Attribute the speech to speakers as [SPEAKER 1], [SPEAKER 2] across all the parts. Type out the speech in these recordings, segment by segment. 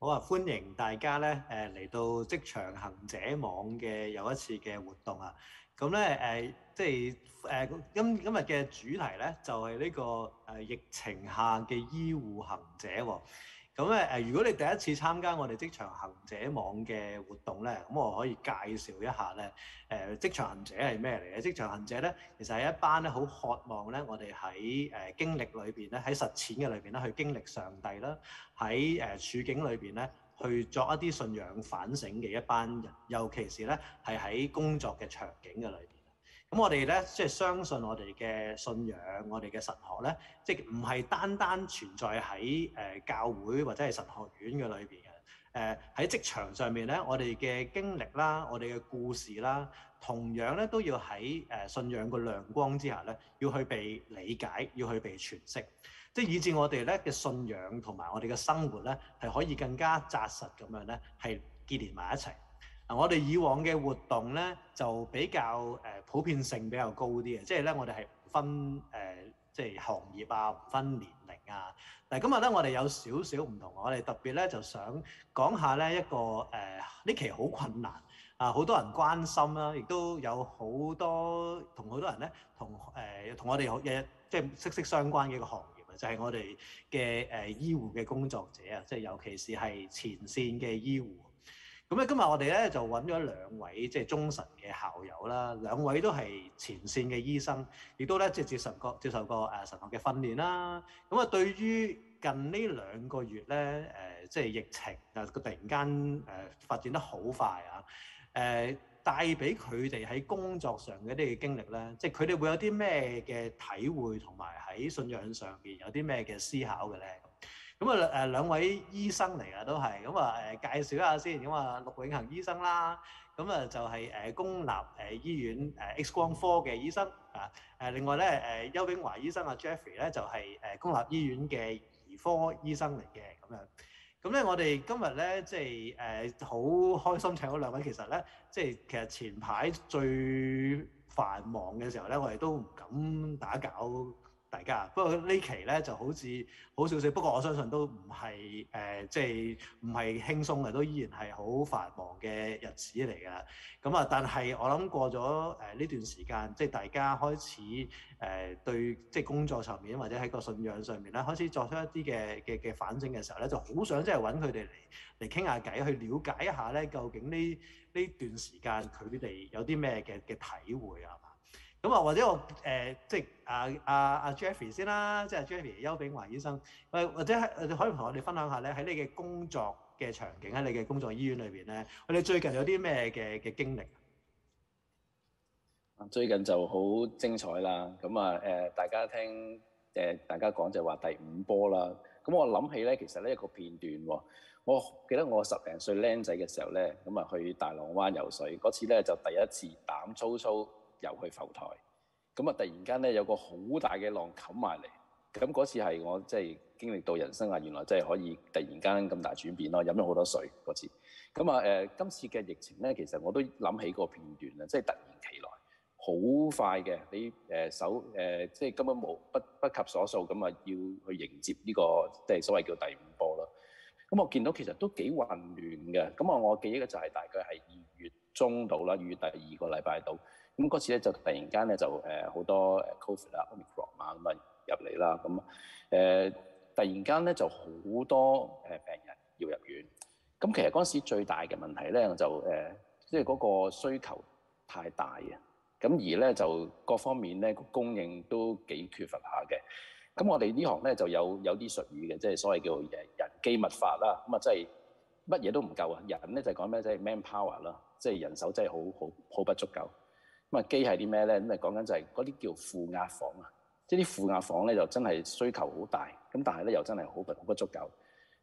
[SPEAKER 1] 好啊！歡迎大家咧，誒嚟到職場行者網嘅又一次嘅活動啊！咁咧，誒即係誒今今日嘅主題咧，就係呢個誒疫情下嘅醫護行者喎。咁咧誒，如果你第一次參加我哋職場行者網嘅活動咧，咁我可以介紹一下咧，誒職場行者係咩嚟咧？職場行者咧，其實係一班咧好渴望咧，我哋喺誒經歷裏邊咧，喺實踐嘅裏邊咧，去經歷上帝啦，喺誒處境裏邊咧，去作一啲信仰反省嘅一班人，尤其是咧係喺工作嘅場景嘅裏邊。咁我哋咧，即係相信我哋嘅信仰，我哋嘅神學咧，即係唔係單單存在喺誒教會或者係神學院嘅裏邊嘅。誒、呃、喺職場上面咧，我哋嘅經歷啦，我哋嘅故事啦，同樣咧都要喺誒信仰嘅亮光之下咧，要去被理解，要去被詮釋，即係以至我哋咧嘅信仰同埋我哋嘅生活咧，係可以更加紮實咁樣咧，係結連埋一齊。嗱，我哋以往嘅活動咧就比較誒、呃、普遍性比較高啲嘅，即係咧我哋係唔分誒、呃、即係行業啊，唔分年齡啊。嗱，今日咧我哋有少少唔同，我哋特別咧就想講下咧一個誒呢、呃、期好困難啊，好多人關心啦、啊，亦都有好多同好多人咧同誒同我哋日日即係息息相關嘅一個行業啊，就係、是、我哋嘅誒醫護嘅工作者啊，即係尤其是係前線嘅醫護。咁咧今日我哋咧就揾咗兩位即係中神嘅校友啦，兩位都係前線嘅醫生，亦都咧即係接受過接受過誒神學嘅訓練啦。咁啊，對於近呢兩個月咧誒，即係疫情啊，個突然間誒發展得好快啊，誒帶俾佢哋喺工作上嘅啲嘅經歷咧，即係佢哋會有啲咩嘅體會同埋喺信仰上邊有啲咩嘅思考嘅咧？咁啊誒兩位醫生嚟啊，都係咁啊誒介紹一下先，咁、嗯、啊陸永恆醫生啦，咁、嗯、啊就係誒公立誒醫院誒 X 光科嘅醫生啊。誒另外咧誒丘炳華醫生啊 Jeffrey 咧就係誒公立醫院嘅、嗯、兒科醫生嚟嘅咁樣。咁、嗯、咧、嗯、我哋今日咧即係誒好開心請到兩位，其實咧即係其實前排最繁忙嘅時候咧，我哋都唔敢打攪。大家不過這期呢期咧就好似好少少，不過我相信都唔係誒，即係唔係輕鬆嘅，都依然係好繁忙嘅日子嚟㗎。咁啊，但係我諗過咗誒呢段時間，即係大家開始誒、呃、對即係工作上面或者喺個信仰上面咧，開始作出一啲嘅嘅嘅反省嘅時候咧，就好想即係揾佢哋嚟嚟傾下偈，去了解一下咧究竟呢呢段時間佢哋有啲咩嘅嘅體會啊？是咁啊，或者我誒，即係啊啊啊 Jeffrey 先啦，即係 Jeffrey 丘炳華醫生。誒，或者係你可以同我哋分享下咧，喺你嘅工作嘅場景，喺你嘅工作醫院裏邊咧，我哋最近有啲咩嘅嘅經歷？
[SPEAKER 2] 最近就好精彩啦！咁啊，誒大家聽誒大家講就話第五波啦。咁我諗起咧，其實咧一個片段喎。我記得我十零歲僆仔嘅時候咧，咁啊去大浪灣游水嗰次咧，就第一次膽粗粗。又去浮台，咁啊突然間咧有個好大嘅浪冚埋嚟，咁嗰次係我即係經歷到人生啊，原來真係可以突然間咁大轉變咯，飲咗好多水嗰次。咁啊誒今次嘅疫情咧，其實我都諗起個片段啊，即係突然其來，好快嘅你誒、呃、手誒、呃，即係根本冇不不，不及所數，咁啊要去迎接呢、呢個即係所謂叫第五波咯。咁我見到其實都幾混亂嘅，咁啊我記憶嘅就係大概係。中到啦，於第二個禮拜到，咁嗰次咧就突然間咧就誒好多誒 COVID 啦 Omicron 啊咁啊入嚟啦，咁誒、呃、突然間咧就好多誒病人要入院，咁其實嗰時最大嘅問題咧就誒，即係嗰個需求太大嘅。咁而咧就各方面咧個供應都幾缺乏下嘅，咁我哋呢行咧就有有啲術語嘅，即係所謂叫誒人機密法啦，咁啊即係乜嘢都唔夠啊，人咧就講咩即係 man power 啦。即係人手真係好好好不足夠。咁啊，機係啲咩咧？咁啊，講緊就係嗰啲叫負壓房啊。即係啲負壓房咧，就真係需求好大。咁但係咧，又真係好好不足夠。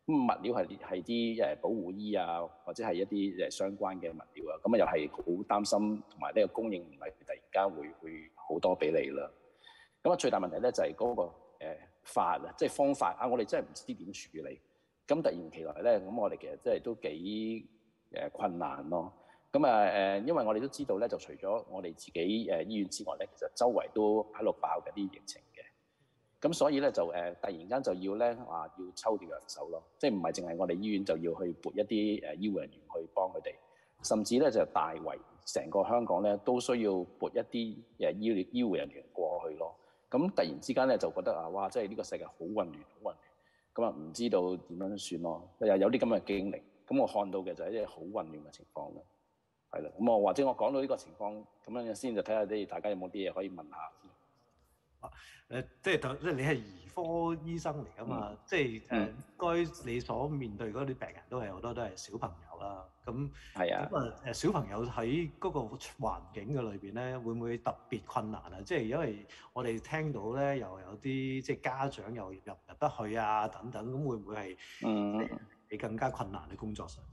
[SPEAKER 2] 咁物料係係啲誒保護衣啊，或者係一啲誒相關嘅物料啊。咁啊，又係好擔心同埋呢個供應唔係突然間會會好多俾你啦。咁啊，最大問題咧就係嗰個誒法啊，即係方法啊。我哋真係唔知點處理。咁突然其來咧，咁我哋其實真係都幾誒困難咯。咁啊誒，因為我哋都知道咧，就除咗我哋自己誒、呃、醫院之外咧，其實周圍都喺度爆緊啲疫情嘅。咁所以咧就誒、呃，突然間就要咧話、啊、要抽調人手咯，即係唔係淨係我哋醫院就要去撥一啲誒醫護人員去幫佢哋，甚至咧就大圍成個香港咧都需要撥一啲誒醫醫護人員過去咯。咁突然之間咧就覺得啊，哇！即係呢個世界好混亂，好混亂。咁、嗯、啊，唔知道點樣算咯。又有啲咁嘅經歷，咁我看到嘅就係一啲好混亂嘅情況咯。係啦，咁啊或者我講到呢個情況，咁樣先就睇下即大家有冇啲嘢可以問下。
[SPEAKER 1] 啊，誒、呃，即係就即係你係兒科醫生嚟㗎嘛，嗯、即係誒、嗯，該你所面對嗰啲病人都係好多都係小朋友啦。咁，係啊。咁啊誒、呃，小朋友喺嗰個環境嘅裏邊咧，會唔會特別困難啊？即係因為我哋聽到咧又有啲即係家長又入唔入得去啊等等，咁會唔會係嗯你更加困難嘅工作上？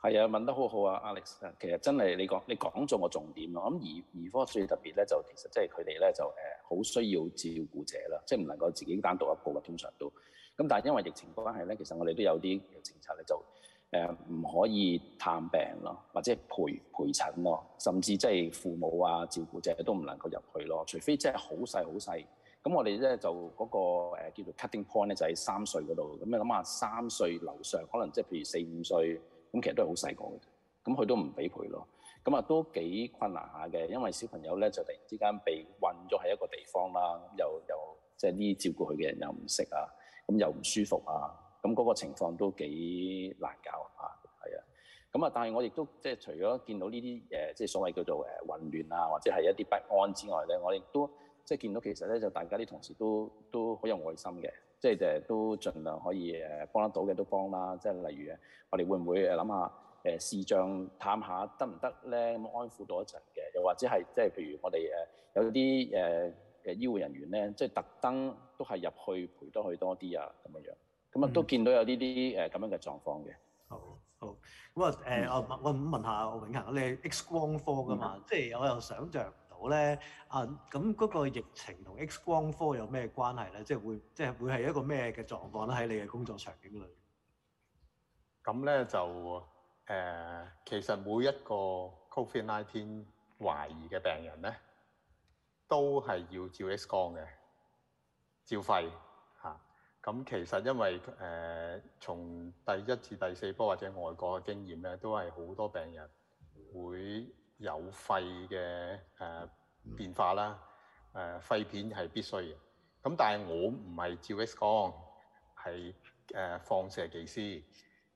[SPEAKER 2] 係啊，問得好好啊，Alex 啊，其實真係你講你講中個重點咯。咁兒兒科最特別咧，就其實即係佢哋咧就誒好、呃、需要照顧者咯，即係唔能夠自己單獨一個嘅，通常都咁。但係因為疫情關係咧，其實我哋都有啲政策咧，就誒唔可以探病咯，或者係陪陪診咯，甚至即係父母啊照顧者都唔能夠入去咯，除非即係好細好細。咁我哋咧就嗰、嗰個、呃、叫做 cutting point 咧就喺三歲嗰度。咁你諗下三歲樓上可能即係譬如四五歲。咁其實都係好細個嘅啫，咁佢都唔俾佢咯，咁啊都幾困難下嘅，因為小朋友咧就突然之間被困咗喺一個地方啦，又又即係呢照顧佢嘅人又唔識啊，咁又唔舒服啊，咁嗰個情況都幾難搞啊嚇，係啊，咁啊，但係我亦都即係除咗見到呢啲誒即係所謂叫做誒混亂啊，或者係一啲不安之外咧，我亦都即係見到其實咧就大家啲同事都都好有愛心嘅。即係誒都盡量可以誒幫得到嘅都幫啦，即係例如我哋會唔會誒諗下誒視像探下得唔得咧？咁安撫到一陣嘅，又或者係即係譬如我哋誒有啲誒嘅醫護人員咧，即係特登都係入去陪多佢多啲啊咁樣樣，咁啊都見到有呢啲誒咁樣嘅狀況嘅，嗯。好
[SPEAKER 1] 好咁啊誒，我我咁問下永恆，你係 X 光科噶嘛？嗯、即係我又想象。我咧啊，咁嗰個疫情同 X 光科有咩關係咧？即係會，即係會係一個咩嘅狀況咧？喺你嘅工作場景裏，咁咧就
[SPEAKER 3] 誒，其實每一個 COVID-19 懷疑嘅病人咧，都係要照 X 光嘅，照肺嚇。咁其實因為誒，從第一至第四波或者外國嘅經驗咧，都係好多病人會，有肺嘅誒變化啦，誒肺片係必須嘅。咁但係我唔係照 X 光，係誒放射技師。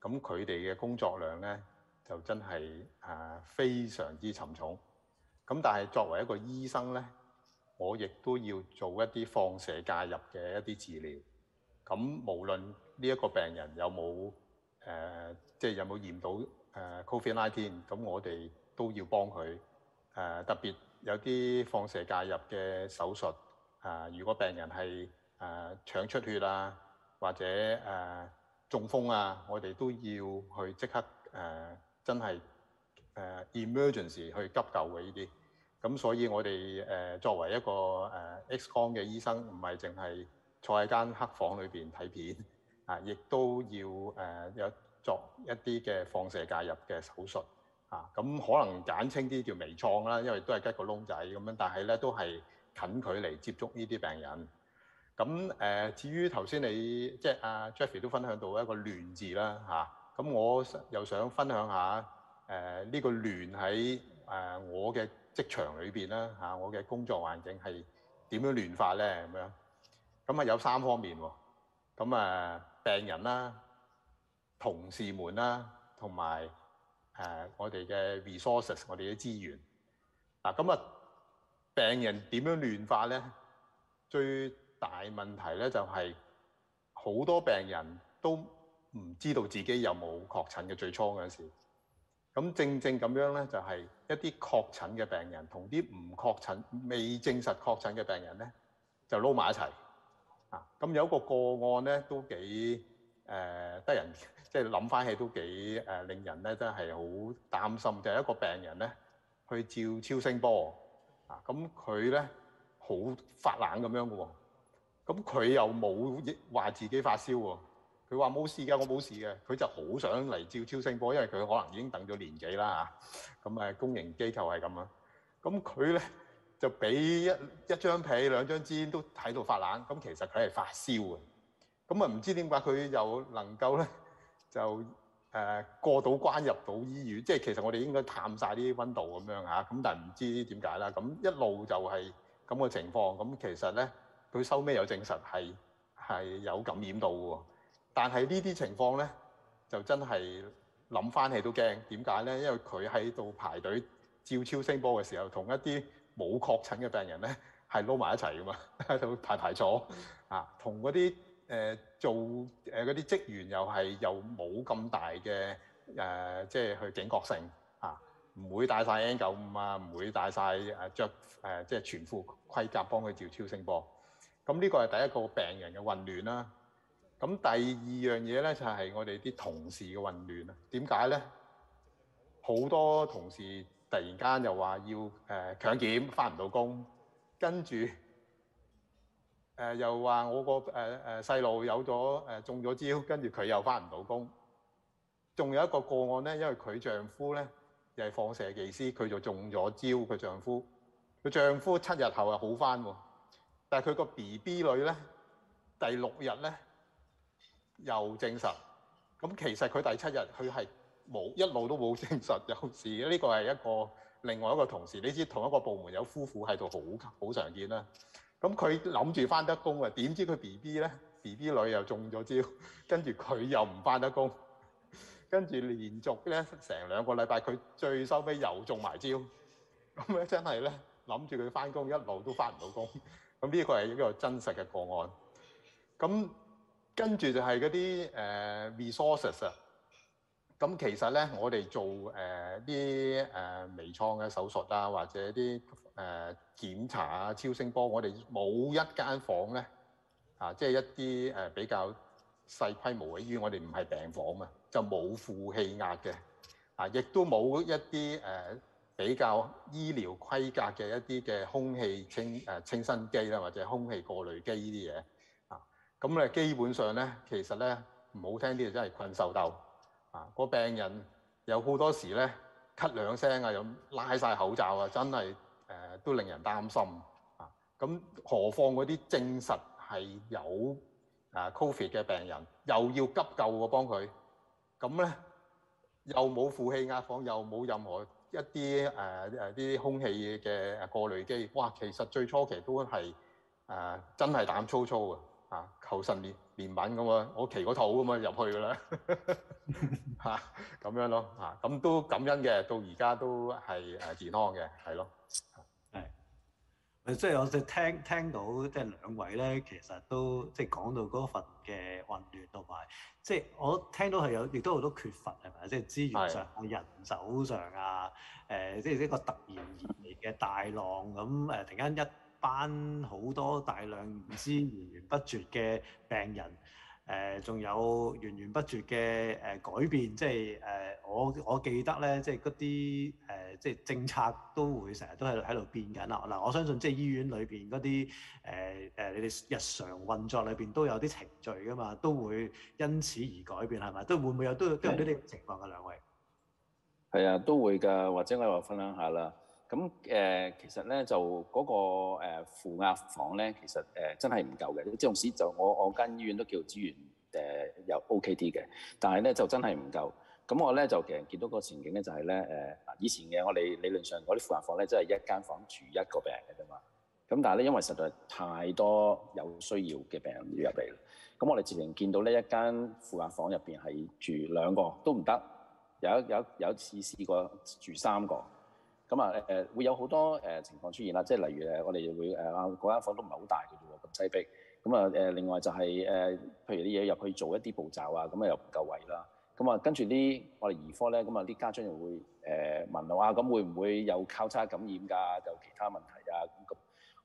[SPEAKER 3] 咁佢哋嘅工作量咧就真係誒非常之沉重。咁但係作為一個醫生咧，我亦都要做一啲放射介入嘅一啲治療。咁無論呢一個病人有冇誒，即係有冇驗到誒 COVID-19，咁我哋。都要幫佢，誒、呃、特別有啲放射介入嘅手術，啊、呃，如果病人係誒腸出血啊，或者誒、呃、中風啊，我哋都要去即刻誒、呃，真係誒、呃、emergency 去急救佢呢啲。咁所以我哋誒、呃、作為一個誒 X 光嘅醫生，唔係淨係坐喺間黑房裏邊睇片，啊，亦都要誒、呃、有作一啲嘅放射介入嘅手術。咁、啊、可能簡稱啲叫微創啦，因為都係吉個窿仔咁樣，但係咧都係近距離接觸呢啲病人。咁誒、呃，至於頭先你即係、啊、阿 Jeffrey 都分享到一個亂字啦，嚇、啊。咁我又想分享一下誒呢、呃這個亂喺誒、呃、我嘅職場裏邊啦，嚇、啊、我嘅工作環境係點樣亂法咧？咁樣咁啊有三方面喎。咁啊，病人啦、同事們啦，同埋，誒、啊，我哋嘅 resources，我哋嘅資源。嗱，咁啊，病人點樣亂化咧？最大問題咧就係、是、好多病人都唔知道自己有冇確診嘅最初陣時，咁正正咁樣咧，就係、是、一啲確診嘅病人同啲唔確診未證實確診嘅病人咧，就撈埋一齊啊，咁有個個案咧，都幾誒、呃、得人。即係諗翻起都幾誒，令人咧真係好擔心。就係一個病人咧去照超聲波啊，咁佢咧好發冷咁樣嘅喎。咁佢又冇話自己發燒喎，佢話冇事㗎，我冇事嘅。佢就好想嚟照超聲波，因為佢可能已經等咗年幾啦啊。咁啊，公營機構係咁啊。咁佢咧就俾一一張被兩張氈都喺度發冷。咁其實佢係發燒嘅。咁啊，唔知點解佢又能夠咧，就誒，呃、過到關入到醫院，即係其實我哋應該探晒啲溫度咁樣嚇，咁但係唔知點解啦。咁一路就係咁嘅情況，咁其實咧佢收尾有證實係係有感染到嘅。但係呢啲情況咧就真係諗翻起都驚。點解咧？因為佢喺度排隊照超聲波嘅時候，同一啲冇確診嘅病人咧係撈埋一齊㗎嘛，就排排坐啊，同嗰啲。誒做誒嗰啲職員又係又冇咁大嘅誒，即係去警覺性啊，唔會戴曬 N95 啊，唔會戴曬誒著誒即係全副盔甲幫佢照超聲波。咁呢個係第一個病人嘅混亂啦。咁第二樣嘢咧就係我哋啲同事嘅混亂啊。點解咧？好多同事突然間又話要誒強檢，返唔到工，跟住。誒、呃、又話我個誒誒細路有咗誒、呃、中咗招，跟住佢又返唔到工。仲有一個個案咧，因為佢丈夫咧又係放射技師，佢就中咗招。佢丈夫佢丈夫七日後又好返喎，但係佢個 B B 女咧第六日咧又證實。咁其實佢第七日佢係冇一路都冇證實有事。呢個係一個另外一個同事，你知同一個部門有夫婦喺度好好常見啦。咁佢諗住翻得工啊？點知佢 B B 咧，B B 女又中咗招，跟住佢又唔翻得工，跟住連續咧成兩個禮拜，佢最收尾又中埋招，咁咧真係咧諗住佢翻工一路都翻唔到工。咁、這、呢個係一個真實嘅個案。咁跟住就係嗰啲 resources 啊。咁其實咧，我哋做誒啲誒微創嘅手術啊，或者啲誒檢查啊、超聲波，我哋冇一間房咧啊，即係一啲誒比較細規模嘅醫院，我哋唔係病房啊，就冇負氣壓嘅啊，亦都冇一啲誒比較醫療規格嘅一啲嘅空氣清誒清新機啦，或者空氣過濾機呢啲嘢啊。咁咧，基本上咧，其實咧唔好聽啲就真係困獸鬥。啊！個病人有好多時咧，咳兩聲啊，咁拉曬口罩啊，真係誒都令人擔心啊！咁何況嗰啲證實係有啊 Covid 嘅病人，又要急救我幫佢，咁咧又冇負氣壓房，又冇任何一啲誒誒啲空氣嘅過濾機，哇！其實最初期都係誒真係膽粗粗嘅。啊！求神連連揾咁啊，我祈個肚咁啊入去㗎啦，嚇咁樣咯，嚇、啊、咁都感恩嘅，到而家都係誒健康嘅，係咯，
[SPEAKER 1] 係，即係我即係聽聽到即係兩位咧，其實都即係講到嗰份嘅混亂，同埋即係我聽到係有，亦都好多缺乏係咪即係資源上、人手上啊，誒、呃，即係一個突然而嚟嘅大浪咁誒、呃，突然間一～班好多大量唔知源源不絕嘅病人，誒、呃、仲有源源不絕嘅誒、呃、改變，即係誒、呃、我我記得咧，即係嗰啲誒即係政策都會成日都係喺度變緊啦。嗱、呃，我相信即係醫院裏邊嗰啲誒誒你哋日常運作裏邊都有啲程序噶嘛，都會因此而改變係咪？都會唔會有都都有呢啲情況嘅兩位？
[SPEAKER 2] 係啊，都會㗎，或者你話分享下啦。咁誒、呃，其實咧就嗰、那個誒、呃、負壓房咧，其實誒、呃、真係唔夠嘅。暫時就我我間醫院都叫做資源誒又、呃、OK 啲嘅，但係咧就真係唔夠。咁我咧就其實見到個前景咧就係咧誒，以前嘅我哋理論上嗰啲負壓房咧，真係一間房住一個病人嘅啫嘛。咁但係咧因為實在太多有需要嘅病人要入嚟，咁我哋自然見到呢一間負壓房入邊係住兩個都唔得，有有有一次試過住三個。咁啊誒會有好多誒、呃、情況出現啦，即係例如誒我哋會誒嗰、呃、間房都唔係好大嘅啫喎，咁擠逼。咁啊誒另外就係、是、誒、呃，譬如啲嘢入去做一啲步驟啊，咁啊又唔夠位啦。咁啊跟住啲我哋兒科咧，咁啊啲家長又會誒問我啊，咁會唔會有交叉感染㗎？就其他問題啊？咁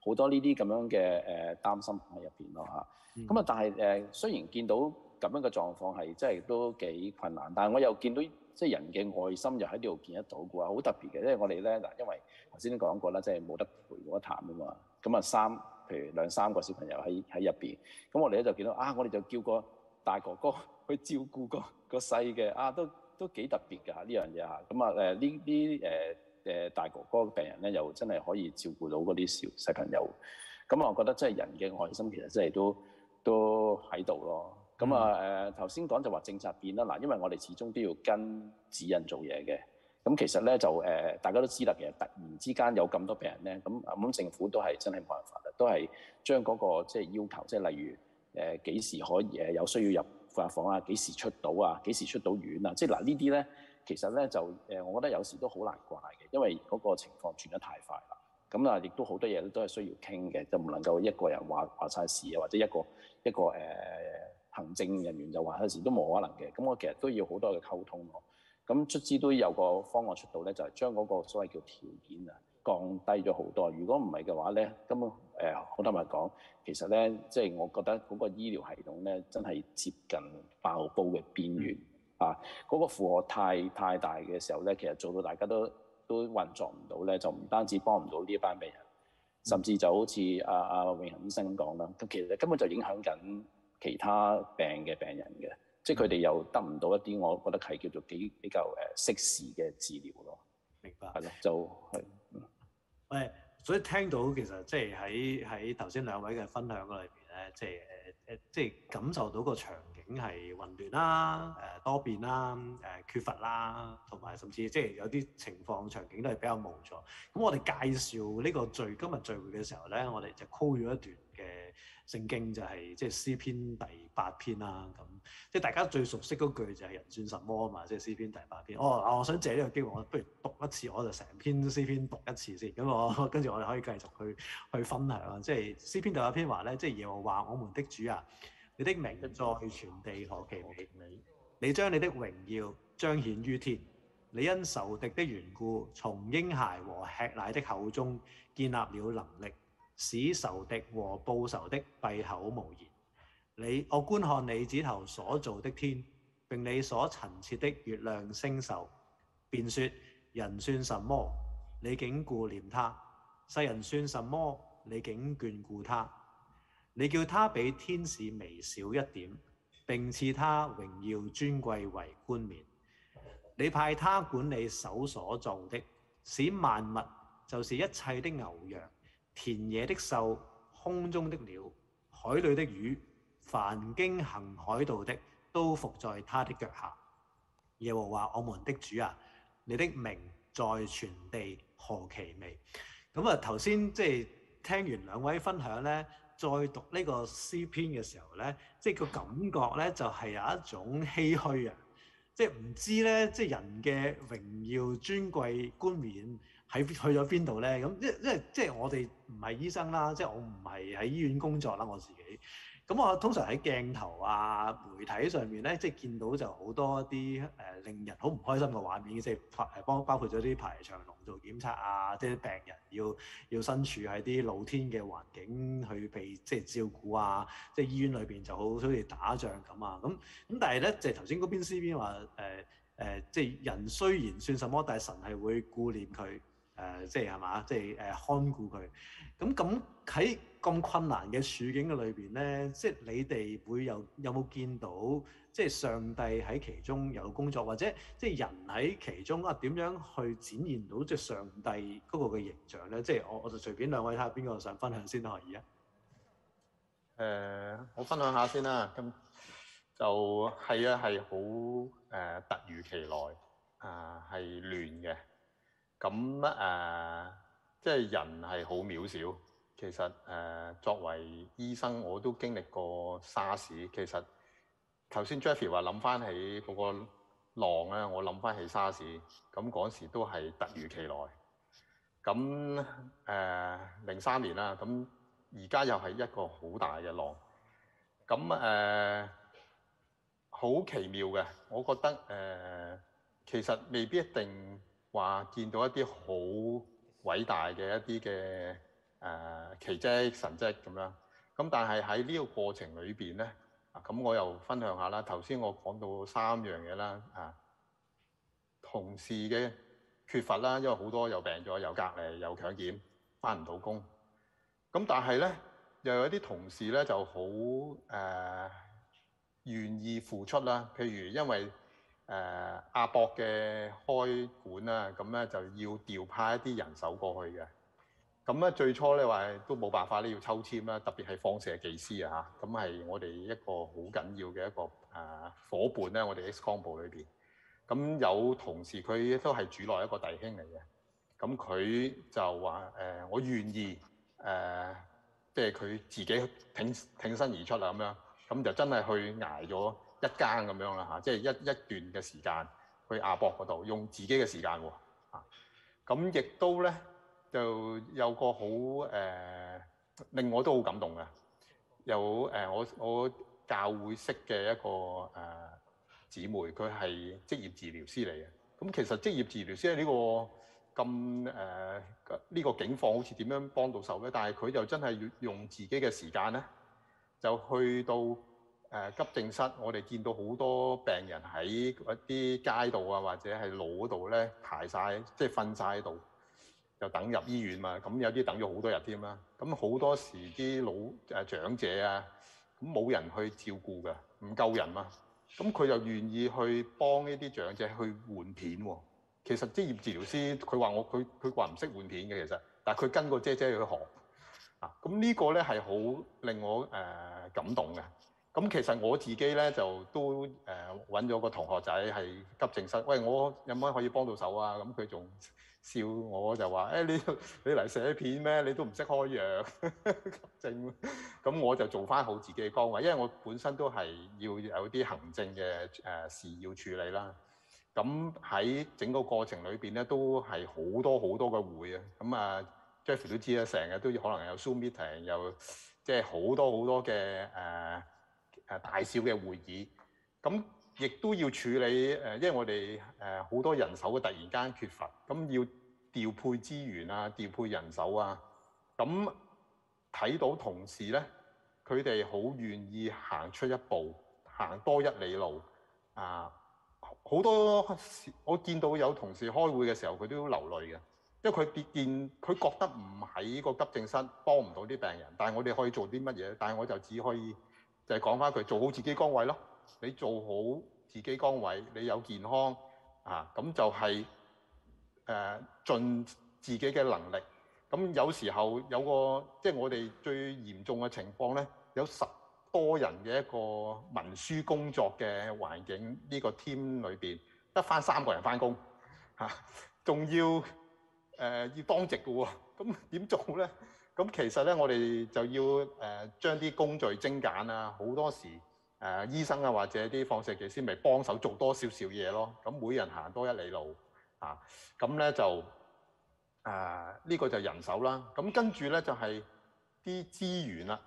[SPEAKER 2] 好多呢啲咁樣嘅誒、呃、擔心喺入邊咯嚇。咁啊、嗯、但係誒、呃、雖然見到咁樣嘅狀況係真係都幾困難，但係我又見到。即係人嘅愛心又喺呢度見得到嘅喎，好特別嘅。因為我哋咧嗱，因為頭先都講過啦，即係冇得陪嗰一談啊嘛。咁啊，三，譬如兩三個小朋友喺喺入邊，咁我哋咧就見到啊，我哋就叫個大哥哥去照顧個個細嘅啊，都都幾特別㗎呢樣嘢嚇。咁啊誒呢啲誒誒大哥哥嘅病人咧，又真係可以照顧到嗰啲小細朋友。咁我覺得即係人嘅愛心其實真係都都喺度咯。咁啊，誒頭先講就話政策變啦，嗱，因為我哋始終都要跟指引做嘢嘅。咁其實咧就誒，大家都知啦，其實突然之間有咁多病人咧，咁咁政府都係真係冇辦法啦，都係將嗰、那個即係、就是、要求，即係例如誒幾、呃、時可以有需要入護房啊？幾、呃、時,時出到啊？幾時出到院啊？即係嗱、呃、呢啲咧，其實咧就誒、呃，我覺得有時都好難怪嘅，因為嗰個情況傳得太快啦。咁啊，亦都好多嘢都係需要傾嘅，就唔能夠一個人話話曬事啊，或者一個一個誒。呃行政人員就話有時都冇可能嘅，咁我其實都要好多嘅溝通咯。咁出資都有個方案出到咧，就係、是、將嗰個所謂叫條件啊降低咗好多。如果唔係嘅話咧，咁誒好坦白講，其實咧即係我覺得嗰個醫療系統咧真係接近爆煲嘅邊緣、嗯、啊！嗰、嗰個負荷太太大嘅時候咧，其實做到大家都都運作唔到咧，就唔單止幫唔到呢一班病人，甚至就好似阿阿永恆醫生咁講啦，咁其實根本就影響緊。其他病嘅病人嘅，即係佢哋又得唔到一啲，我覺得係叫做幾比較誒適時嘅治療咯。明白，係咯，就係
[SPEAKER 1] 誒。所以聽到其實即係喺喺頭先兩位嘅分享裏邊咧，即係誒誒，即、呃、係、就是、感受到個場景係混亂啦、誒、呃、多變啦、誒、呃、缺乏啦，同埋甚至即係有啲情況場景都係比較無助。咁我哋介紹呢個聚今日聚會嘅時候咧，我哋就 call 咗一段嘅。聖經就係即係詩篇第八篇啦，咁即係大家最熟悉嗰句就係人算什麼啊嘛，即係詩篇第八篇。哦，我想借呢個機會，我不如讀一次，我就成篇詩篇讀一次先，咁我跟住我哋可以繼續去去分享。即係詩篇第八篇話咧，即係耶和華我們的主啊，你的名在全地何其美！ 你將你的榮耀彰顯於天，你因仇敵的緣故，從嬰孩和吃奶的口中建立了能力。使仇敵和報仇的閉口無言。你我觀看你指頭所做的天，並你所陳設的月亮星宿，便說：人算什麼？你竟顧念他；世人算什麼？你竟眷顧他？你叫他比天使微小一點，並賜他榮耀尊貴為冠冕。你派他管理手所做的，使萬物就是一切的牛羊。田野的獸、空中的鳥、海裏的魚、凡經行海道的，都伏在他的腳下。耶和華我們的主啊，你的名在全地何其美！咁啊，頭先即係聽完兩位分享咧，再讀呢個詩篇嘅時候咧，即係個感覺咧，就係有一種唏嘘啊！即係唔知咧，即係人嘅榮耀尊貴冠冕。喺去咗邊度咧？咁即係即係即係我哋唔係醫生啦，即係我唔係喺醫院工作啦。我自己，咁我通常喺鏡頭啊媒體上面咧，即係見到就好多啲誒令人好唔開心嘅畫面，即係排誒包包括咗啲排長龍做檢測啊，即係病人要要身處喺啲露天嘅環境去被即係照顧啊，即係醫院裏邊就好似打仗咁啊！咁咁但係咧，即係頭先嗰邊 C B 話誒誒即係人雖然算什麼，但係神係會顧念佢。誒即係係嘛，即係誒、呃、看顧佢。咁咁喺咁困難嘅處境嘅裏邊咧，即係你哋會有有冇見到，即係上帝喺其中有工作，或者即係人喺其中啊點樣去展現到即係上帝嗰個嘅形象咧？即係我我就隨便兩位睇下邊個想分享先都可以啊。誒、呃，我分享下先啦。咁就係啊，係
[SPEAKER 3] 好誒突如其來啊，係、呃、亂嘅。咁誒、呃，即係人係好渺小。其實、呃、作為醫生我 SARS，我都經歷過沙士。其實頭先 Jeffy 話諗翻起嗰個浪咧，我諗翻起沙士。咁嗰時都係突如其來。咁誒，零、呃、三年啦。咁而家又係一個好大嘅浪。咁好、呃、奇妙嘅。我覺得、呃、其實未必一定，話見到一啲好偉大嘅一啲嘅誒，奇蹟神蹟咁樣，咁但係喺呢個過程裏邊咧，咁我又分享下啦。頭先我講到三樣嘢啦，啊，同事嘅缺乏啦，因為好多又病咗，又隔離，又強檢，翻唔到工。咁但係咧，又有一啲同事咧就好誒願意付出啦。譬如因為誒、啊、亞博嘅開館啦，咁咧就要調派一啲人手過去嘅。咁咧最初咧話都冇辦法，呢要抽籤啦，特別係放射技師啊嚇，咁係我哋一個好緊要嘅一個誒、啊、夥伴咧，我哋 X 光部裏邊。咁有同事佢都係主內一個弟兄嚟嘅，咁佢就話誒、呃、我願意誒，即係佢自己挺挺身而出啦咁樣，咁就真係去挨咗。一間咁樣啦嚇，即、就、係、是、一一段嘅時間去亞博嗰度用自己嘅時間喎嚇。咁亦都咧就有個好誒令我都好感動嘅，有誒、呃、我我教會識嘅一個誒姊、呃、妹，佢係職業治療師嚟嘅。咁其實職業治療師喺呢、這個咁誒呢個警況，好似點樣幫到手嘅？但係佢就真係用自己嘅時間咧，就去到。誒急症室，我哋見到好多病人喺一啲街度啊，或者係路嗰度咧排晒，即係瞓晒喺度，又等入醫院嘛。咁有啲等咗好多日添啦。咁好多時啲老誒長者啊，咁冇人去照顧㗎，唔夠人啊。咁佢就願意去幫呢啲長者去換片喎、啊。其實職業治療師佢話我佢佢話唔識換片嘅，其實，但係佢跟個姐姐去學啊。咁呢個咧係好令我誒、呃、感動嘅。咁其實我自己咧就都誒揾咗個同學仔係急症室，喂，我有乜可以幫到手啊？咁佢仲笑我，就話誒、欸、你你嚟寫片咩？你都唔識開藥呵呵急症。咁我就做翻好自己嘅崗位，因為我本身都係要有啲行政嘅誒、呃、事要處理啦。咁喺整個過程裏邊咧，都係好多好多嘅會啊。咁啊 Jeffrey 都知啦，成日都要可能有 Zoom meeting，又即係好多好多嘅誒。呃誒大小嘅會議，咁亦都要處理誒，因為我哋誒好多人手嘅突然間缺乏，咁要調配資源啊，調配人手啊，咁睇到同事咧，佢哋好願意行出一步，行多一里路啊！好多我見到有同事開會嘅時候，佢都好流淚嘅，因為佢見見佢覺得唔喺個急症室幫唔到啲病人，但係我哋可以做啲乜嘢？但係我就只可以。就係講翻佢做好自己崗位咯。你做好自己崗位，你有健康啊，咁就係誒盡自己嘅能力。咁有時候有個即係我哋最嚴重嘅情況咧，有十多人嘅一個文書工作嘅環境，呢個 team 裏邊得翻三個人翻工嚇，仲要誒要當值嘅喎，咁點做咧？咁其實咧，我哋就要誒、呃、將啲工序精簡啦。好多時誒、呃、醫生啊，或者啲放射技師咪幫手做多少少嘢咯。咁每人行多走一里路啊，咁咧就誒呢、呃這個就是人手啦。咁跟住咧就係、是、啲資源啦。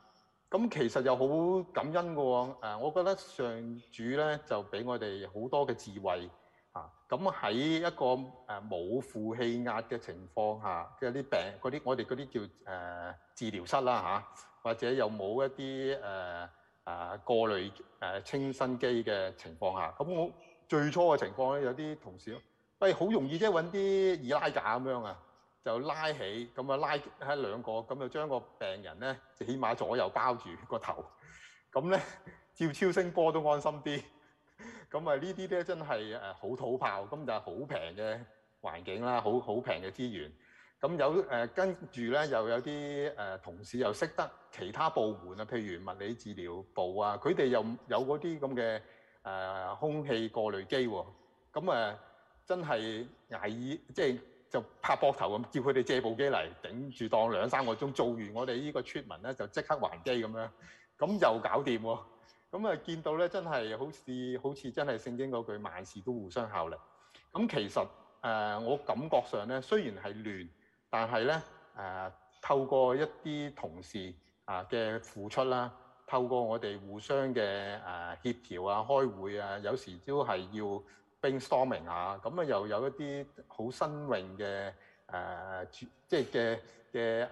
[SPEAKER 3] 咁其實又好感恩嘅喎、呃、我覺得上主咧就俾我哋好多嘅智慧。啊，咁喺一個誒冇負氣壓嘅情況下，即啲病啲，我哋嗰啲叫誒、呃、治療室啦嚇、啊，或者有冇一啲誒、呃、啊過濾誒、呃、清新機嘅情況下？咁我最初嘅情況咧，有啲同事喂好容易即係，揾啲二拉架咁樣啊，就拉起咁啊拉喺兩個，咁就將個病人咧，起碼左右包住個頭，咁咧照超聲波都安心啲。咁啊呢啲咧真係誒好土炮，咁就係好平嘅環境啦，好好平嘅資源。咁有誒跟住咧又有啲誒同事又識得其他部門啊，譬如物理治療部啊，佢哋又有嗰啲咁嘅誒空氣過濾機喎。咁誒真係捱耳，即係就拍膊頭咁叫佢哋借部機嚟頂住當兩三個鐘，做完我哋呢個村民咧就即刻還機咁樣，咁又搞掂喎。咁啊，見到咧，真係好似好似真係聖經嗰句，萬事都互相效力。咁其實誒，我感覺上咧，雖然係亂，但係咧誒，透過一啲同事啊嘅付出啦，透過我哋互相嘅誒協調啊、開會啊，有時都係要 brainstorming 啊，咁啊又有一啲好新穎嘅誒即係嘅嘅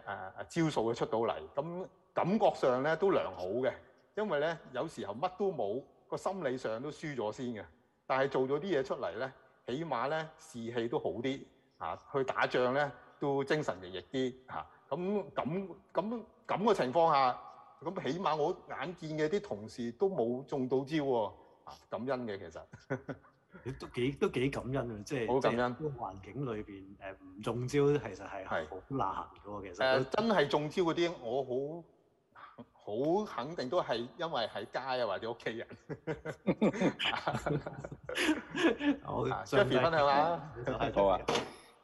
[SPEAKER 3] 誒招數會出到嚟，咁感覺上咧都良好嘅。因為咧，有時候乜都冇，個心理上都輸咗先嘅。但係做咗啲嘢出嚟咧，起碼咧士氣都好啲嚇。去打仗咧都精神奕奕啲嚇。咁咁咁咁嘅情況下，咁起碼我眼見嘅啲同事都冇中到招喎。啊，感恩嘅其實。你
[SPEAKER 1] 都幾都幾感恩啊！即係喺呢個
[SPEAKER 3] 環境裏邊誒，唔
[SPEAKER 1] 中招其實係係好難行嘅
[SPEAKER 3] 喎。其實誒真係中招嗰啲，我好，好肯定都係因為喺街啊，或者屋
[SPEAKER 2] 企人。Jeffy，分係嘛？好啊。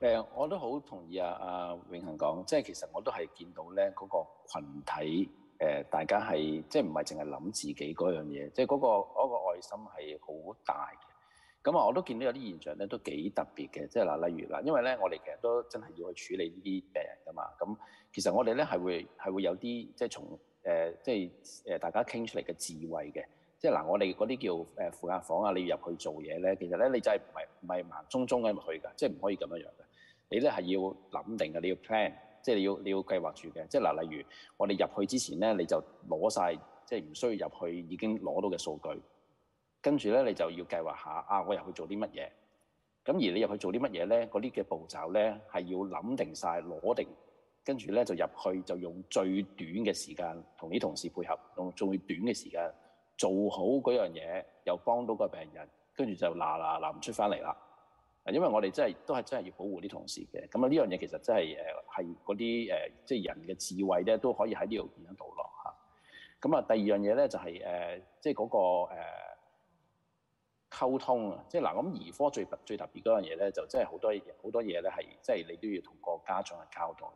[SPEAKER 2] 誒、嗯，我都好同意啊！阿永恆講，即係其實我都係見到咧嗰、嗰個羣體、呃、大家係即係唔係淨係諗自己嗰樣嘢，即係嗰個嗰、嗰個、愛心係好大嘅。咁啊，我都見到有啲現象咧，都幾特別嘅。即係嗱，例如啦，因為咧，我哋其實都真係要去處理呢啲病人㗎嘛。咁其實我哋咧係會係會有啲即係從誒、呃，即係誒、呃，大家傾出嚟嘅智慧嘅，即係嗱、呃，我哋嗰啲叫誒負壓房啊，你要入去做嘢咧，其實咧，你就係唔係唔係盲舂舂入去㗎，即係唔可以咁樣樣嘅。你咧係要諗定嘅，你要 plan，即係要你要計劃住嘅。即係嗱、呃，例如我哋入去之前咧，你就攞晒，即係唔需要入去已經攞到嘅數據，跟住咧你就要計劃下，啊，我入去做啲乜嘢。咁而你入去做啲乜嘢咧，嗰啲嘅步驟咧係要諗定晒，攞定。跟住咧就入去，就用最短嘅時間同啲同事配合，用最短嘅時間做好嗰樣嘢，又幫到個病人。跟住就嗱嗱嗱唔出翻嚟啦。因為我哋真係都係真係要保護啲同事嘅。咁啊，呢樣嘢其實真係誒係嗰啲誒即係人嘅智慧咧都可以喺呢度見得到咯嚇。咁啊，第二樣嘢咧就係誒即係嗰個誒、呃、溝通啊。即係嗱，咁、呃、兒科最最特別嗰樣嘢咧，就真係好多好多嘢咧，係即係你都要同個家長去溝通。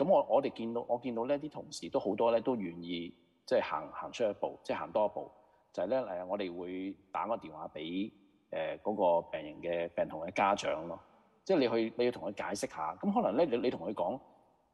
[SPEAKER 2] 咁我我哋見到，我見到呢啲同事都好多咧，都願意即係行行出一步，即係行多一步。就係咧誒，我哋會打個電話俾誒嗰個病人嘅病童嘅家長咯。即係你去你要同佢解釋下。咁可能咧你你同佢講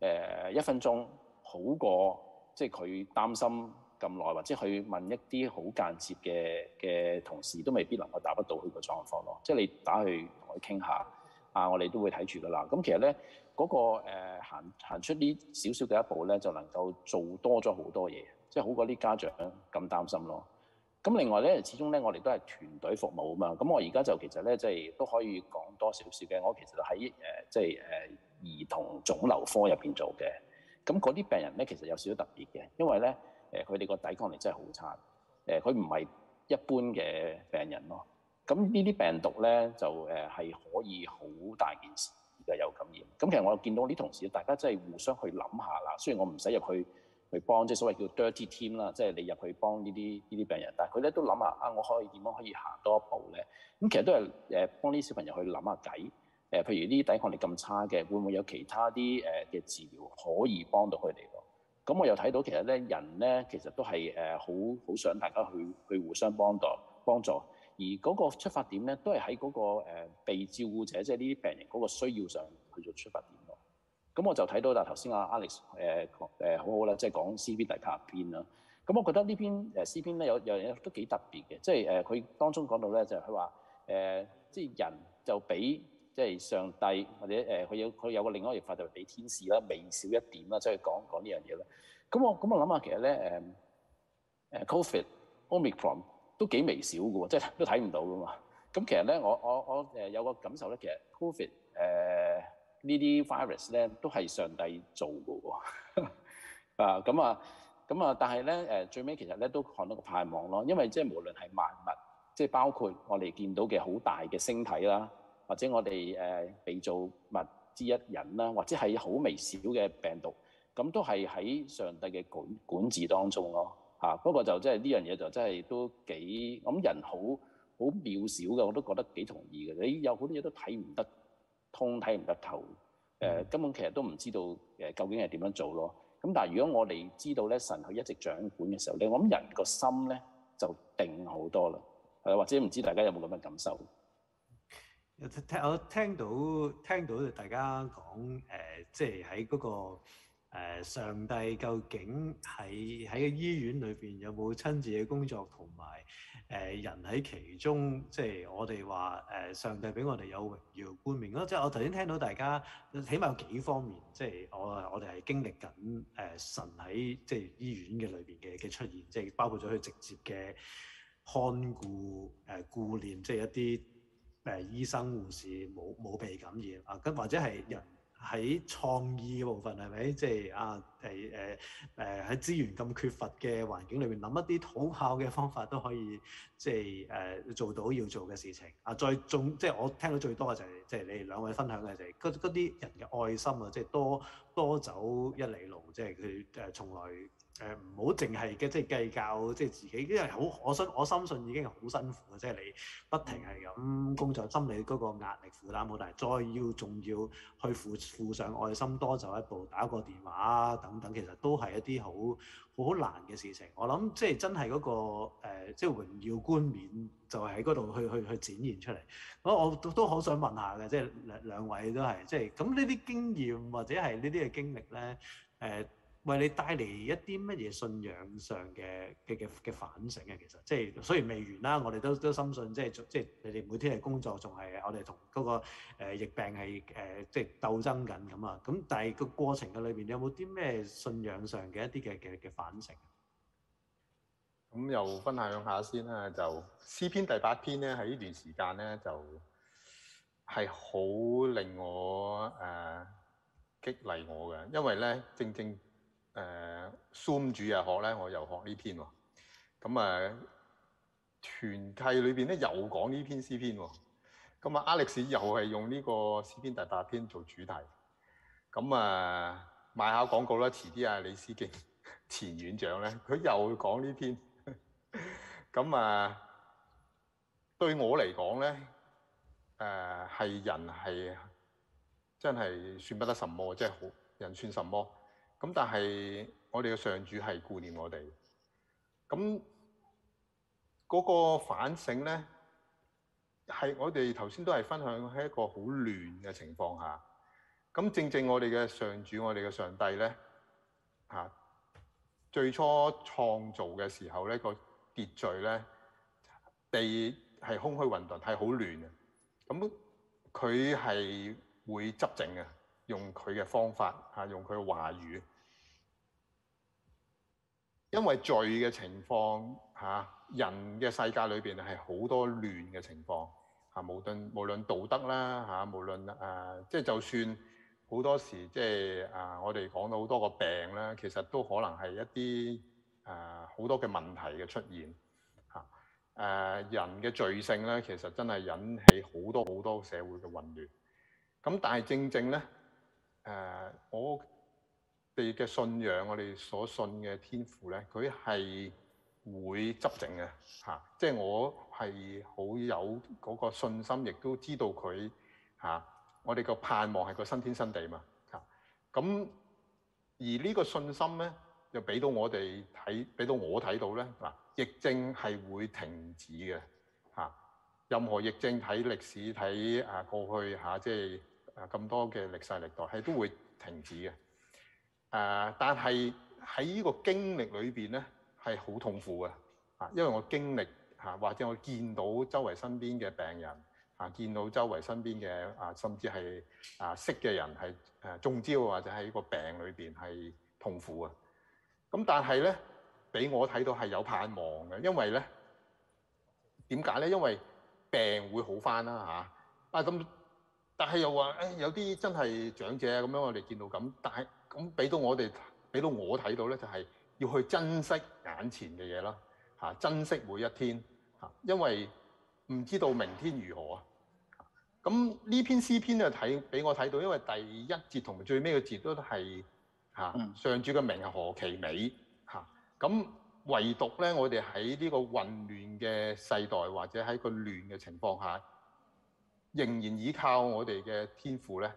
[SPEAKER 2] 誒一分鐘，好過即係佢擔心咁耐，或者去問一啲好間接嘅嘅同事都未必能夠打得到佢個狀況咯。即係你打去同佢傾下，啊，我哋都會睇住噶啦。咁其實咧。嗰個誒行行出呢少少嘅一步咧，就能夠做多咗好多嘢，即係好過啲家長咁擔心咯。咁另外咧，始終咧我哋都係團隊服務啊嘛。咁我而家就其實咧，即係都可以講多少少嘅。我其實喺誒即係誒兒童腫瘤科入邊做嘅。咁嗰啲病人咧，其實有少少特別嘅，因為咧誒佢哋個抵抗力真係好差，誒佢唔係一般嘅病人咯。咁呢啲病毒咧就誒係可以好大件事。又有感染，咁其實我見到啲同事，大家真係互相去諗下啦。雖然我唔使入去去幫，即係所謂叫 dirty team 啦，即係你入去幫呢啲呢啲病人，但係佢咧都諗下啊，我可以點樣可以行多一步咧？咁其實都係誒、呃、幫啲小朋友去諗下偈，誒、呃，譬如呢啲抵抗力咁差嘅，會唔會有其他啲誒嘅治療可以幫到佢哋到？咁我又睇到其實咧人咧，其實都係誒好好想大家去去互相幫助幫助。而嗰個出發點咧，都係喺嗰個被照顧者，即係呢啲病人嗰個需要上去做出發點咯。咁我就睇到啦，但係頭先阿 Alex 誒誒好好啦，即、呃、係、呃、講、呃、講 C 篇第八篇啦。咁我覺得這篇呢篇誒 C 篇咧有有樣嘢都幾特別嘅，即係誒佢當中講到咧就係佢話誒，即、呃、係、就是、人就俾即係上帝或者誒佢、呃、有佢有個另外一個説法就係、是、俾天使啦微小一點啦，即、就、去、是、講講呢樣嘢啦。咁我咁我諗下，其實咧誒誒 Covid Omicron。都幾微小嘅喎，即係都睇唔到嘅嘛。咁其實咧，我我我誒有個感受咧，其實 Covid 誒、呃、呢啲 virus 咧都係上帝做嘅喎。 啊，咁啊，咁啊，但係咧誒最尾其實咧都看到個盼望咯，因為即係無論係萬物，即係包括我哋見到嘅好大嘅星體啦，或者我哋誒、呃、被造物之一人啦，或者係好微小嘅病毒，咁都係喺上帝嘅管管治當中咯。嚇！ 不過就真係呢樣嘢就真係、就是、都幾，我諗人好好渺小嘅，我都覺得幾同意嘅。你有好多嘢都睇唔得通，睇唔得透，誒、嗯呃、根本其實都唔知道誒、呃、究竟係點樣做咯。咁但係如果我哋知道咧，神去一直掌管嘅時候咧，我諗人個心咧就定好多啦。誒或者唔知大家有冇咁嘅感受？
[SPEAKER 1] 有我聽到聽到大家講誒，即係喺嗰個。誒、呃、上帝究竟喺喺醫院裏邊有冇親自嘅工作同埋誒人喺其中，即係我哋話誒上帝俾我哋有榮耀冠名咯。即係我頭先聽到大家，起碼有幾方面，即係我我哋係經歷緊誒、呃、神喺即係醫院嘅裏邊嘅嘅出現，即係包括咗佢直接嘅看顧誒、呃、顧念，即係一啲誒、呃、醫生護士冇冇被感染啊，咁或者係人。喺創意嘅部分係咪？即係、就是、啊誒誒誒喺資源咁缺乏嘅環境裏邊，諗一啲討巧嘅方法都可以，即係誒做到要做嘅事情。啊，再仲即係我聽到最多嘅就係、是，即、就、係、是、你哋兩位分享嘅就係嗰啲人嘅愛心啊！即、就、係、是、多多走一里路，即係佢誒從來。誒唔好淨係嘅，即係計較，即係自己，因為好，我深我深信已經係好辛苦嘅，即係你不停係咁、嗯、工作，心理嗰個壓力負擔好大，再要仲要去付付上愛心多，多走一步，打個電話等等，其實都係一啲好好難嘅事情。我諗即係真係嗰、嗰個、呃、即係榮耀冠冕就喺嗰度去去去展現出嚟。我我都都好想問一下嘅，即係兩兩位都係即係咁呢啲經驗或者係呢啲嘅經歷咧，誒、呃。為你帶嚟一啲乜嘢信仰上嘅嘅嘅嘅反省啊？其實即係雖然未完啦，我哋都都深信，即係即係你哋每天係工作，仲係我哋同嗰個誒疫病係誒即係鬥爭緊咁啊！咁但係個過程嘅裏邊，有冇啲咩信仰上嘅一啲嘅嘅嘅反省？咁又分
[SPEAKER 3] 享下先啦。就詩篇第八篇咧，喺呢段時間咧就係好令我誒激勵我嘅，因為咧正正。o o Zoom 主日學咧，我又學呢篇喎、啊。咁啊，團契裏邊咧又講呢篇詩篇喎、啊。咁啊，Alex 又係用呢個詩篇第八篇做主題。咁啊，賣下廣告啦。遲啲啊，李思敬前院長咧，佢又講呢篇。咁啊，對我嚟講咧，誒、呃、係人係真係算不得什麼，即係好人算什麼？咁但係我哋嘅上主係顧念我哋，咁嗰個反省咧，係我哋頭先都係分享喺一個好亂嘅情況下，咁正正我哋嘅上主，我哋嘅上帝咧，嚇、最初創造嘅時候咧，個秩序咧，地係空虛混沌係好亂嘅。咁佢係會執整嘅。用佢嘅方法嚇、啊，用佢嘅話語，因為罪嘅情況嚇、啊，人嘅世界裏邊係好多亂嘅情況嚇、啊，無論無論道德啦嚇、啊，無論誒，即、啊、係、即係、就算好多時即係、即係、啊，我哋講到好多個病啦，其實都可能係一啲誒好多嘅問題嘅出現嚇誒、啊啊，人嘅罪性咧，其實真係引起好多好多社會嘅混亂，咁但係正正咧。誒、呃，我哋嘅信仰，我哋所信嘅天父咧，佢係會執政嘅嚇、啊，即係我係好有嗰個信心，亦都知道佢吓、啊，我哋個盼望係個新天新地嘛嚇。咁、啊、而呢個信心咧，又俾到我哋睇，俾到我睇到咧嗱、啊，疫症係會停止嘅吓、啊、任何疫症睇歷史睇啊過去吓、啊，即係。啊！咁多嘅歷世歷代係都會停止嘅。啊！但係喺呢個經歷裏邊咧係好痛苦嘅。啊，因為我經歷啊，或者我見到周圍身邊嘅病人啊，見到周圍身邊嘅啊，甚至係啊識嘅人係誒、啊、中招或者喺個病裏邊係痛苦嘅。咁、啊、但係咧，俾我睇到係有盼望嘅，因為咧點解咧？因為病會好返啦嚇。啊咁。啊但係又話誒、哎，有啲真係長者啊，咁樣我哋見到咁。但係咁俾到我哋，俾到我睇到咧，就係要去珍惜眼前嘅嘢啦，嚇，珍惜每一天嚇，因為唔知道明天如何啊。咁呢篇詩篇咧睇俾我睇到，因為第一節同最尾嘅節都係嚇、嗯，上主嘅名係何其美嚇。咁唯獨咧，我哋喺呢個混亂嘅世代，或者喺個亂嘅情況下，仍然依靠我哋嘅天父咧，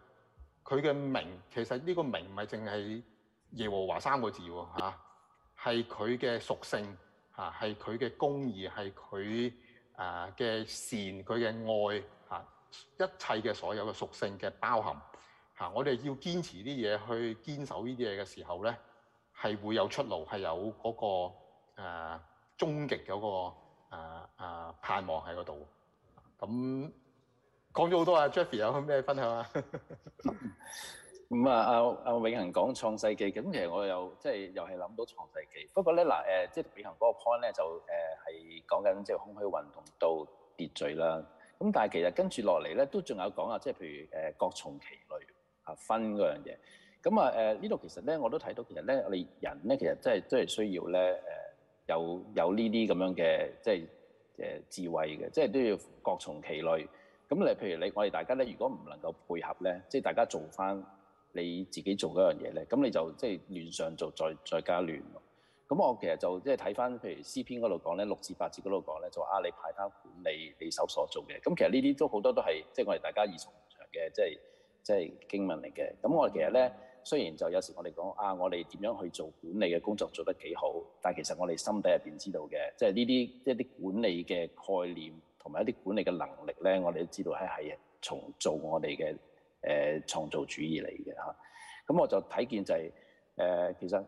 [SPEAKER 3] 佢嘅名其實呢個名唔係淨係耶和華三個字喎嚇，係佢嘅屬性嚇，係佢嘅公義，係佢誒嘅善，佢嘅愛嚇，一切嘅所有嘅屬性嘅包含嚇，我哋要堅持啲嘢去堅守呢啲嘢嘅時候咧，係會有出路，係有嗰個誒終極嗰個誒誒盼望喺嗰度，咁。講咗好多啊，Jeffrey 有咩分享啊？
[SPEAKER 2] 咁 啊，阿、啊、阿、啊、永恆講創世紀，咁其實我又即係又係諗到創世紀。不過咧嗱誒，即、啊、係、呃就是、永恆嗰個 point 咧就誒係、呃、講緊即係空虛運動到秩序啦。咁但係其實跟住落嚟咧都仲有講啊，即係譬如誒、呃、各從其類啊分嗰樣嘢。咁啊誒呢度其實咧我都睇到其呢呢，其實咧我哋人咧其實即係真係需要咧誒有有呢啲咁樣嘅即係誒智慧嘅，即係都要各從其類。咁你譬如你我哋大家咧，如果唔能夠配合咧，即係大家做翻你自己做嗰樣嘢咧，咁你就即係亂上做，再再加亂咯。咁我其實就即係睇翻譬如詩篇嗰度講咧，六至八字嗰度講咧，就話啊，你派他管理你手所做嘅。咁其實呢啲都好多都係即係我哋大家耳熟能詳嘅，即係即係經文嚟嘅。咁我哋其實咧，雖然就有時我哋講啊，我哋點樣去做管理嘅工作做得幾好，但係其實我哋心底入邊知道嘅，即係呢啲一啲管理嘅概念。同埋一啲管理嘅能力咧，我哋都知道係係從做我哋嘅誒創造主義嚟嘅嚇。咁我就睇見、就是，就係誒，其實，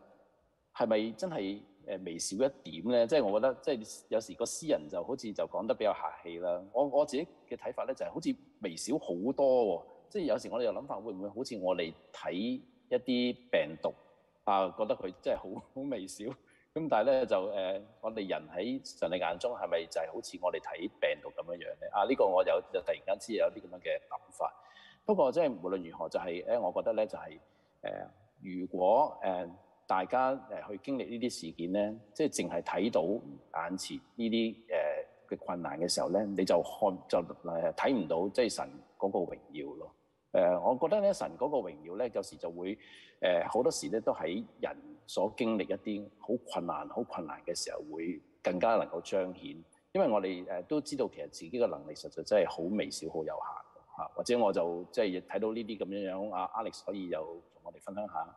[SPEAKER 2] 係咪真係誒微小一點咧？即、就、係、是、我覺得即係、就是、有時候個詩人就好似就講得比較客氣啦。我我自己嘅睇法咧就係好似微小好多即係、就是、有時候我哋又諗法會唔會好似我哋睇一啲病毒啊，覺得佢真係好好微小。咁但係咧就誒、呃，我哋人喺神你眼中係咪就係好似我哋睇病毒咁樣樣咧？啊，呢、這個我又又突然間知有啲咁樣嘅諗法。不過即係無論如何，就係、是、誒，我覺得咧就係、是、誒、呃，如果誒、呃、大家誒去經歷呢啲事件咧，即係淨係睇到眼前呢啲誒嘅困難嘅時候咧，你就看就誒睇唔到即係神嗰個榮耀咯。誒、呃，我覺得咧神嗰個榮耀咧，有時就會誒好、呃、多時咧都喺人。所經歷一啲好困難、好困難嘅時候，會更加能夠彰顯，因為我哋誒都知道其實自己嘅能力實在真係好微小、好有限嚇、啊。或者我就即係睇到呢啲咁樣樣啊 Alex，可以又同我哋分享下。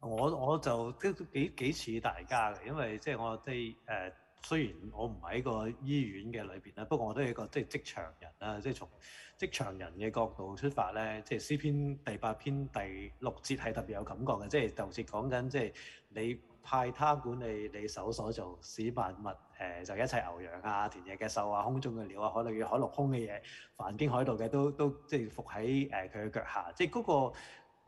[SPEAKER 1] 我我就都幾幾似大家嘅，因為即係我哋。誒、呃。雖然我唔喺個醫院嘅裏邊咧，不過我都係一個即係職場人啦。即係從職場人嘅角度出發咧，即係詩篇第八篇第六節係特別有感覺嘅。即係頭節講緊即係你派他管理你手所造使萬物誒、呃、就一切牛羊啊、田野嘅獸啊、空中嘅鳥啊、海裡海陸空嘅嘢，凡經海道嘅都都即係伏喺誒佢嘅腳下。即係嗰、那個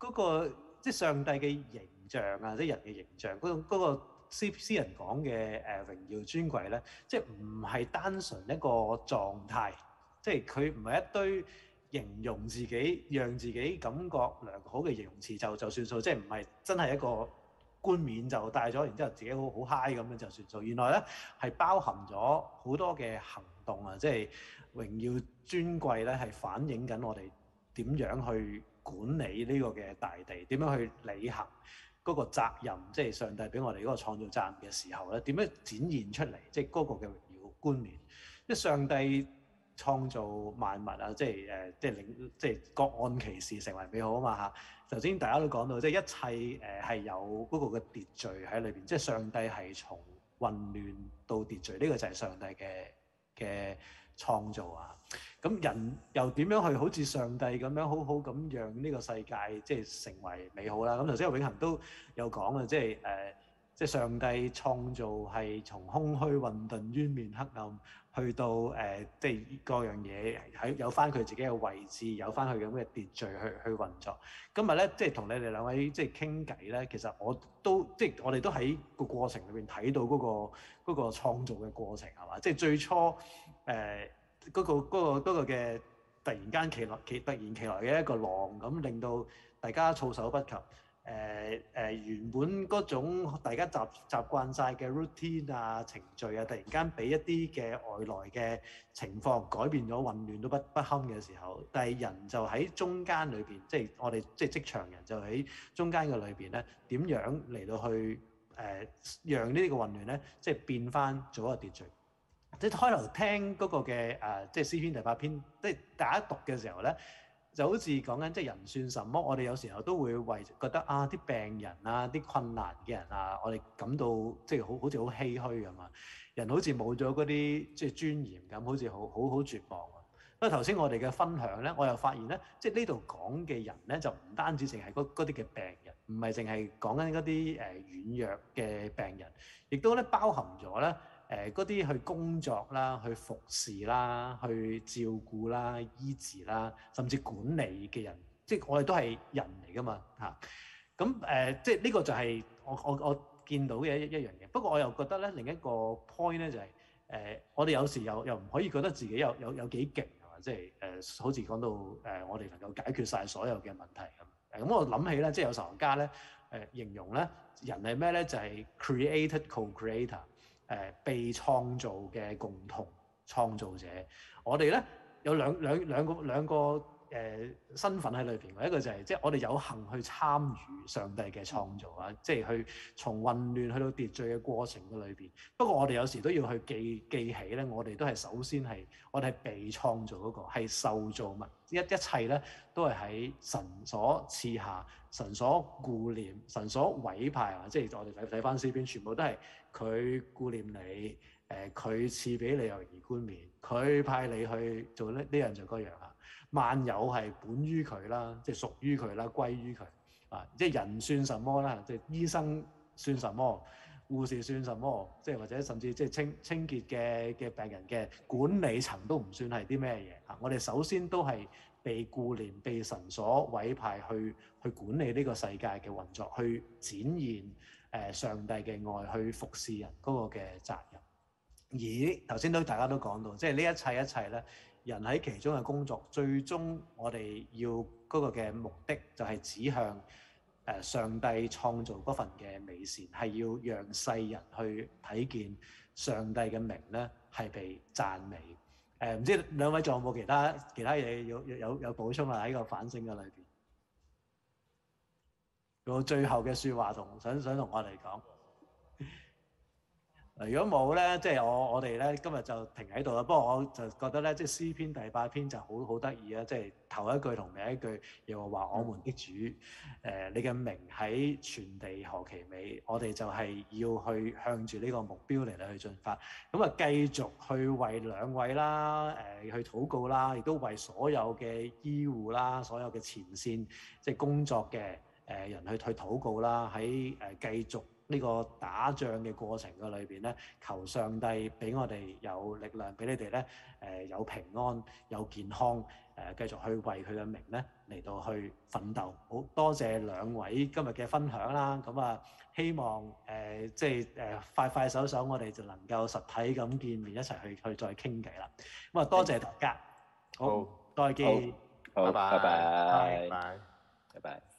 [SPEAKER 1] 嗰、那個即係上帝嘅形象啊，即係人嘅形象嗰嗰、那個那個詩人講嘅誒榮耀尊貴咧，即係唔係單純一個狀態，即係佢唔係一堆形容自己、讓自己感覺良好嘅形容詞就就算數，即係唔係真係一個冠冕就戴咗，然之後自己好好嗨咁樣就算數。原來咧係包含咗好多嘅行動啊！即係榮耀尊貴咧係反映緊我哋點樣去管理呢個嘅大地，點樣去履行。嗰、那個責任，即、就、係、是、上帝俾我哋嗰個創造責任嘅時候咧，點樣展現出嚟？即係嗰個嘅觀念，即、就、係、是、上帝創造萬物啊！即係誒，即係領，即係各按其時成為美好啊嘛嚇！頭先大家都講到，即、就、係、是、一切誒係、呃、有嗰個嘅秩序喺裏邊，即、就、係、是、上帝係從混亂到秩序，呢、這個就係上帝嘅嘅的創造啊，咁人又點樣去好似上帝咁樣好好咁讓呢個世界即係成為美好啦？咁頭先我永恆都有講啊，即係，呃即係上帝創造係從空虛混沌、淵面黑暗，去到誒，即、呃、係、就是、各樣嘢喺有翻佢自己嘅位置，有翻佢咁嘅秩序去去運作。今日咧，即係同你哋兩位即係傾偈咧，其實我都即係、就是、我哋都喺個過程裏邊睇到嗰、那個嗰、那個、創造嘅過程係嘛？即係、就是、最初誒嗰、呃那個嗰嘅、那個那個、突然間其來其突然其來嘅一個浪咁，令到大家措手不及。誒誒原本嗰種大家習習慣曬嘅 routine 啊程序啊，突然間俾一啲嘅外來嘅情況改變咗，混亂都不不堪嘅時候，但係人就喺中間裏邊，即係我哋即係職場人就喺中間嘅裏邊咧，點樣嚟到去誒讓呢啲嘅混亂咧，即係變翻做一個秩序。即係開頭聽嗰個嘅誒，即係詩篇第八篇，即係大家讀嘅時候咧。就好似講緊即係人算什麼，我哋有時候都會為覺得啊啲病人啊、啲困難嘅人啊，我哋感到即係好好似好唏噓咁啊。人好似冇咗嗰啲即係尊嚴咁，好似好好好絕望啊。不過頭先我哋嘅分享咧，我又發現咧，即係呢度講嘅人咧，就唔單止淨係嗰啲嘅病人，唔係淨係講緊嗰啲誒軟弱嘅病人，亦都咧包含咗咧。誒嗰啲去工作啦，去服侍啦，去照顧啦、醫治啦，甚至管理嘅人，即係我哋都係人嚟㗎嘛嚇。咁、啊、誒、呃，即係呢個就係我我我見到嘅一一,一樣嘢。不過我又覺得咧，另一個 point 咧就係、是、誒、呃，我哋有時候又又唔可以覺得自己有有有幾勁係嘛，即係誒、呃，好似講到誒、呃，我哋能夠解決晒所有嘅問題咁。咁、啊嗯、我諗起咧，即係有神學家咧誒、呃、形容咧，人係咩咧？就係、是、created co-creator。呃、被創造嘅共同創造者，我哋呢有兩個兩個兩個，兩個誒、呃、身份喺裏邊嘅一個就係、是，即係我哋有幸去參與上帝嘅創造啊！即、嗯、係、就是、去從混亂去到秩序嘅過程嘅裏邊。不過我哋有時都要去記記起咧，我哋都係首先係我哋係被創造嗰、那個，係受造物。一一切咧都係喺神所賜下，神所顧念，神所委派啊！即係我哋睇睇翻詩篇，全部都係佢顧念你，誒佢賜俾你又而冠冕，佢派你去做呢呢樣做嗰樣啊！萬有係本於佢啦，即係屬於佢啦，歸於佢啊！即係人算什麼啦？即係醫生算什麼？護士算什麼？即係或者甚至即係清清潔嘅嘅病人嘅管理層都唔算係啲咩嘢啊！我哋首先都係被顧念、被神所委派去去管理呢個世界嘅運作，去展現呃上帝嘅愛，去服侍人嗰個嘅責任。而頭先都大家都講到，即係呢一切一切咧。人喺其中嘅工作，最終我哋要嗰個嘅目的，就係指向誒上帝創造嗰份嘅美善，係要讓世人去睇見上帝嘅名咧，係被讚美。誒、呃、唔知兩位仲有冇其他其他嘢有有有，有補充啊？喺個反省嘅裏邊有最後嘅說話同想想同我哋講。嗱，如果冇咧，即係我我哋咧今日就停喺度啦。不過我就覺得咧，即係詩篇第八篇就好好得意啊！即係頭一句同尾一句又話我們的主，呃，你嘅名喺全地何其美。我哋就係要去向住呢個目標嚟去進發。咁啊，繼續去為兩位啦，呃，去禱告啦，亦都為所有嘅醫護啦，所有嘅前線即係工作嘅誒人去去禱告啦，喺誒，呃，繼續。呢個打仗嘅過程嘅裏邊咧，求上帝俾我哋有力量，俾你哋咧，誒有平安、有健康，誒繼續去為佢嘅名咧嚟到去奮鬥。好多謝兩位今日嘅分享啦，咁啊，希望誒即係誒快快手手，我哋就能夠實體咁見面一齊去去再傾偈啦。咁啊，多謝大家，好，多謝，拜拜，拜拜，
[SPEAKER 2] 拜拜。